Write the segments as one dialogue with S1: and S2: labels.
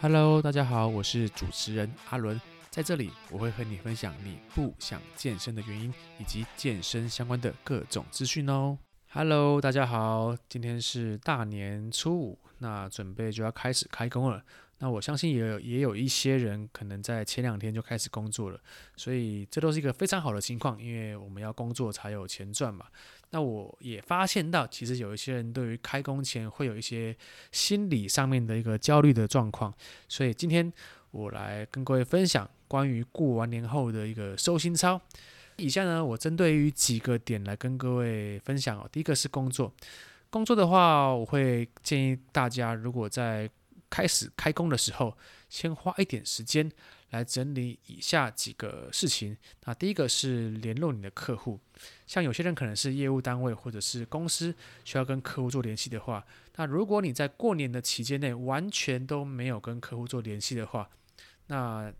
S1: Hello，大家好，我是主持人阿倫。在這裡我會和你分享你不想健身的原因，以及健身相關的各種資訊哦。Hello，大家好，今天是大年初五，那準備就要開始開工了。那我相信也有也有一些人可能在前兩天就開始工作了，所以這都是一個非常好的情況，因為我們要工作才有錢賺嘛。那我也發現到，其實有一些人對於開工前會有一些心理上面的一個焦慮的狀況，所以今天我來跟各位分享關於過完年後的一個收心操。以下呢，我針對於幾個點來跟各位分享哦。第一個是工作，工作的話，我會建議大家如果在開始開工的時候，先花一點時間來整理以下幾個事情。那第一個是聯絡你的客戶，像有些人可能是業務單位或者是公司需要跟客戶做聯繫的話，那如果你在過年的期間內完全都沒有跟客戶做聯繫的話，那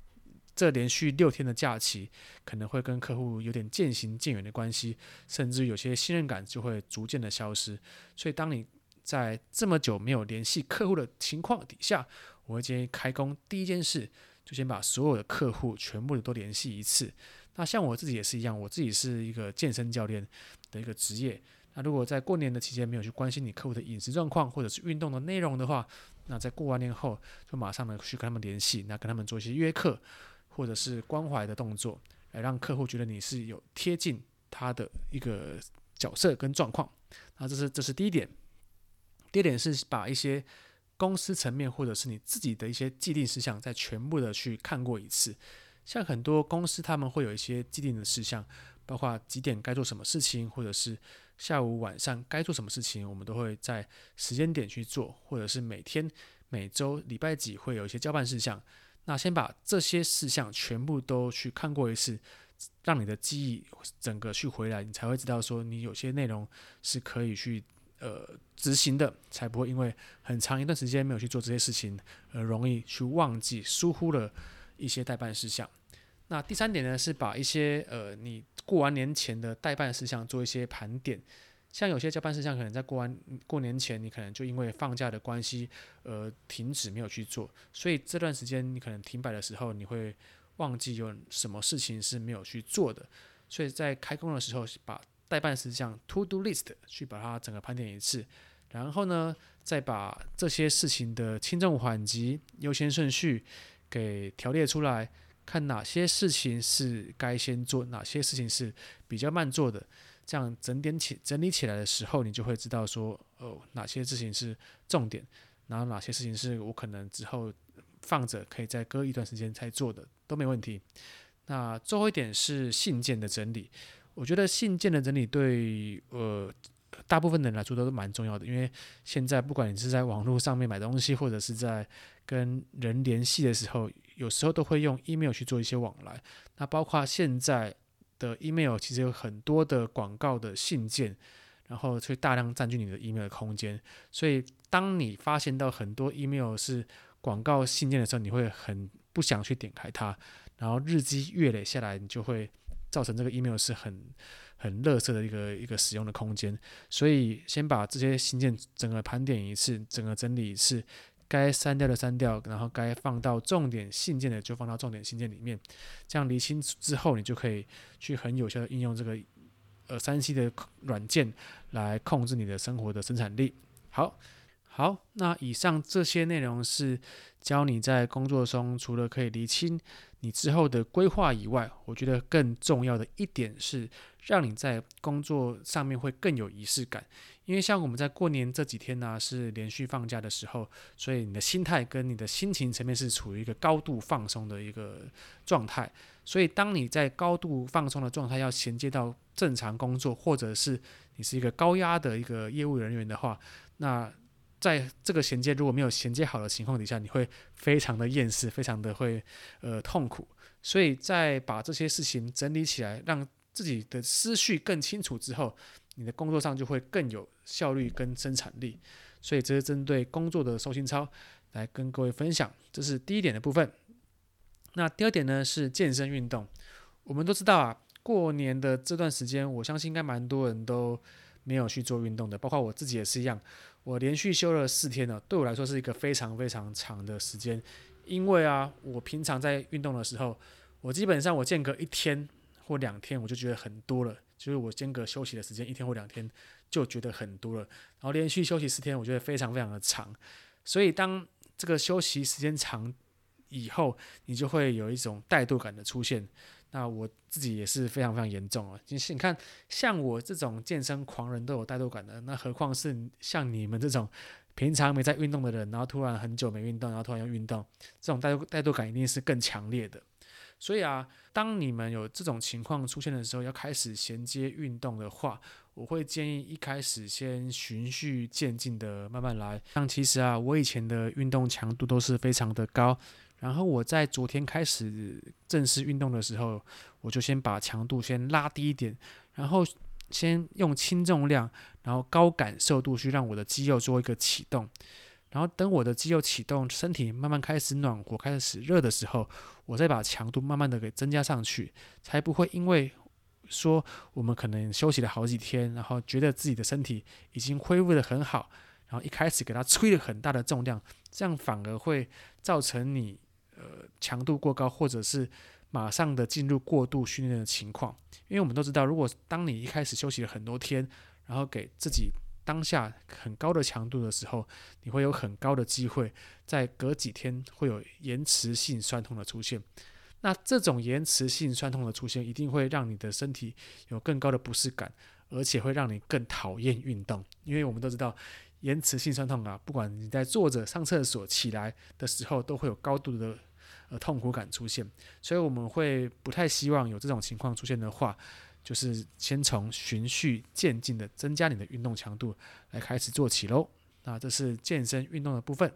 S1: 這連續六天的假期可能會跟客戶有點漸行漸遠的關係，甚至有些信任感就會逐漸的消失。所以當你在這麼久沒有聯繫客戶的情況底下，我會建議開工第一件事就先把所有的客戶全部都聯繫一次。那像我自己也是一樣，我自己是一個健身教練的一個職業。那如果在過年的期間沒有去關心你客戶的飲食狀況或者是運動的內容的話，那在過完年後就馬上呢去跟他們聯繫，那跟他們做一些約課或者是關懷的動作，來讓客戶覺得你是有貼近他的一個角色跟狀況。那這是這是第一點。第二點是把一些公司層面或者是你自己的一些既定事項，再全部的去看過一次。像很多公司，他們會有一些既定的事項，包括幾點該做什麼事情，或者是下午、晚上該做什麼事情，我們都會在時間點去做，或者是每天、每週、禮拜幾會有一些交辦事項。那先把這些事項全部都去看過一次，讓你的記憶整個去回來，你才會知道說你有些內容是可以去，呃，執行的才不會因為很長一段時間沒有去做這些事情，而容易去忘記、疏忽了一些待辦事項。那第三點呢，是把一些呃，你過完年前的待辦事項做一些盤點。像有些交辦事項，可能在過完過年前，你可能就因為放假的關係，而停止沒有去做，所以這段時間你可能停擺的時候，你會忘記有什麼事情是沒有去做的。所以在開工的時候把。代辦事項 to do list 去把它整個盤點一次，然後呢，再把這些事情的輕重緩急、優先順序給條列出來，看哪些事情是該先做，哪些事情是比較慢做的，這樣整點起整理起來的時候，你就會知道說，哦，哪些事情是重點，然後哪些事情是我可能之後放着，可以再擱一段時間再做的，都沒問題。那最後一點是信件的整理。我覺得信件的整理對呃大部分的人來說都是蠻重要的，因為現在不管你是在網絡上面買東西，或者是在跟人聯繫的時候，有時候都會用 email 去做一些往來。那包括現在的 email 其實有很多的廣告的信件，然後去大量佔據你的 email 的空間。所以當你發現到很多 email 是廣告信件的時候，你會很不想去點開它。然後日積月累下來，你就會。造成這個 email 是很很垃圾的一個一個使用的空間，所以先把這些信件整個盤點一次，整個整理一次，該刪掉的刪掉，然後該放到重點信件的就放到重點信件裡面，這樣理清之後，你就可以去很有效的應用這個呃三 C 的軟件來控制你的生活的生產力。好，好，那以上這些內容是教你在工作中除了可以理清。你之後的規劃以外，我覺得更重要的一點是，讓你在工作上面會更有儀式感。因為像我們在過年這幾天呢，啊，是連續放假的時候，所以你的心態跟你的心情層面是處於一個高度放鬆的一個狀態。所以，當你在高度放鬆的狀態要銜接到正常工作，或者是你是一個高壓的一個業務人員的話，那。在這個銜接如果沒有銜接好的情況底下，你會非常的厭世，非常的會呃痛苦。所以在把這些事情整理起來，讓自己的思緒更清楚之後，你的工作上就會更有效率跟生產力。所以這是針對工作的收心操，來跟各位分享，這是第一點的部分。那第二點呢是健身運動。我們都知道啊，過年的這段時間，我相信應該蠻多人都。沒有去做運動的，包括我自己也是一樣。我連續休了四天了啊，對我來說是一個非常非常長的時間。因為啊，我平常在運動的時候，我基本上我間隔一天或兩天，我就覺得很多了。就是我間隔休息的時間一天或兩天，就覺得很多了。然後連續休息四天，我覺得非常非常的長。所以當這個休息時間長以後，你就會有一種怠惰感的出現。那我自己也是非常非常嚴重哦，其實你看，像我這種健身狂人都有怠惰感的，那何況是像你們這種平常沒在運動的人，然後突然很久沒運動，然後突然要運動，這種怠惰怠惰感一定是更強烈的。所以啊，當你們有這種情況出現的時候，要開始銜接運動的話，我會建議一開始先循序漸進的慢慢來。像其實啊，我以前的運動強度都是非常的高。然後我在昨天開始正式運動的時候，我就先把強度先拉低一點，然後先用輕重量，然後高感受度去讓我的肌肉做一個啟動，然後等我的肌肉啟動，身體慢慢開始暖和，開始熱的時候，我再把強度慢慢的給增加上去，才不會因為說我們可能休息了好幾天，然後覺得自己的身體已經恢復得很好，然後一開始給它吹了很大的重量，這樣反而會造成你。呃，強度過高，或者是馬上的進入過度訓練的情況，因為我們都知道，如果當你一開始休息了很多天，然後給自己當下很高的強度的時候，你會有很高的機會在隔幾天會有延遲性痠痛的出現。那這種延遲性痠痛的出現，一定會讓你的身體有更高的不適感，而且會讓你更討厭運動。因為我們都知道，延遲性痠痛啊，不管你在坐着、上廁所、起來的時候，都會有高度的。呃，而痛苦感出現，所以我們會不太希望有這種情況出現的話，就是先從循序漸進的增加你的運動強度來開始做起嘍。那這是健身運動的部分。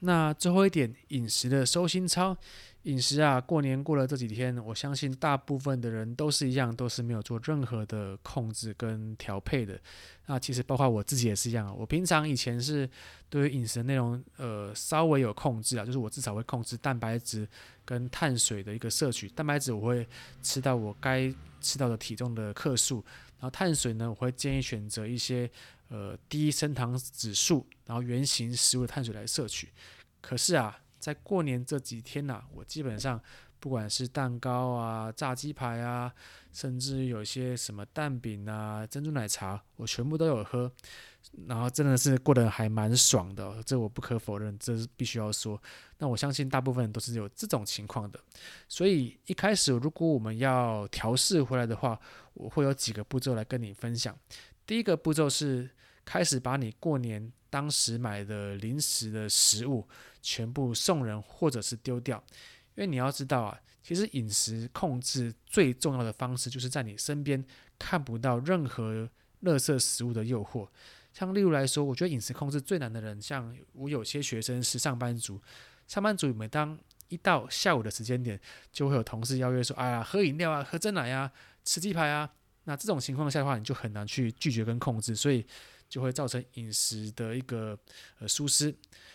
S1: 那最後一點飲食的收心操，飲食啊，過年過了這幾天，我相信大部分的人都是一樣，都是沒有做任何的控制跟調配的。那其實包括我自己也是一樣啊，我平常以前是對於飲食內容，呃，稍微有控制啊，就是我至少會控制蛋白質跟碳水的一個攝取，蛋白質我會吃到我該吃到的體重的克數，然後碳水呢，我會建議選擇一些。呃，低升糖指數，然後原型食物碳水來攝取。可是啊，在過年這幾天呢，啊，我基本上不管是蛋糕啊、炸雞排啊，甚至有些什麼蛋餅啊、珍珠奶茶，我全部都有喝。然後真的是過得還蠻爽的，哦，這我不可否認，這是必須要說。那我相信大部分都是有這種情況的。所以一開始，如果我們要調試回來的話，我會有幾個步驟來跟你分享。第一個步驟是開始把你過年當時買的零食的食物全部送人，或者是丟掉，因為你要知道啊，其實飲食控制最重要的方式就是在你身邊看不到任何垃圾食物的誘惑。像例如來說，我覺得飲食控制最難的人，像我有些學生是上班族，上班族每當一到下午的時間點，就會有同事邀約說：“哎呀，喝飲料啊，喝珍奶啊，吃雞排啊。”那這種情況下的話，你就很難去拒絕跟控制，所以就會造成飲食的一個呃疏失。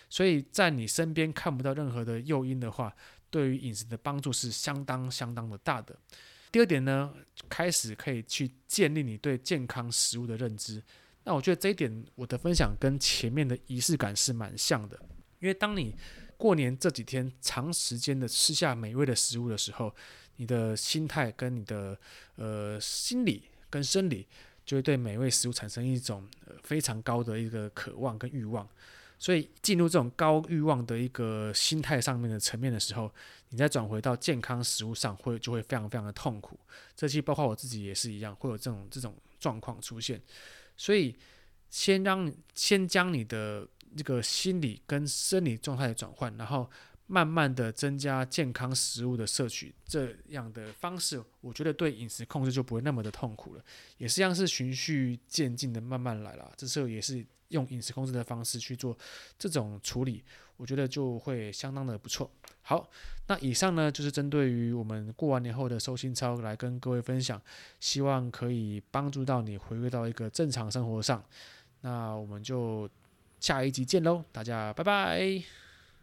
S1: 所以在你身邊看不到任何的誘因的話，對於飲食的幫助是相當相當的大的。第二點呢，開始可以去建立你對健康食物的認知。那我覺得這一點我的分享跟前面的儀式感是蠻像的，因為當你過年這幾天長時間的吃下美味的食物的時候，你的心態跟你的呃心理跟生理，就會對美味食物產生一種、呃、非常高的一個渴望跟欲望，所以進入這種高欲望的一個心態上面的層面的時候，你再轉回到健康食物上，會就會非常非常的痛苦。這期包括我自己也是一樣，會有這種這種狀況出現。所以先讓先將你的這個心理跟生理狀態轉換，然後。慢慢的增加健康食物的攝取，這樣的方式，我覺得對飲食控制就不會那麼的痛苦了，也實際上是循序漸進的慢慢來啦，這時候也是用飲食控制的方式去做這種處理，我覺得就會相當的不錯。好，那以上呢就是針對於我們過完年後的收心操來跟各位分享，希望可以幫助到你回歸到一個正常生活上。那我們就下一集見嘍，大家拜拜。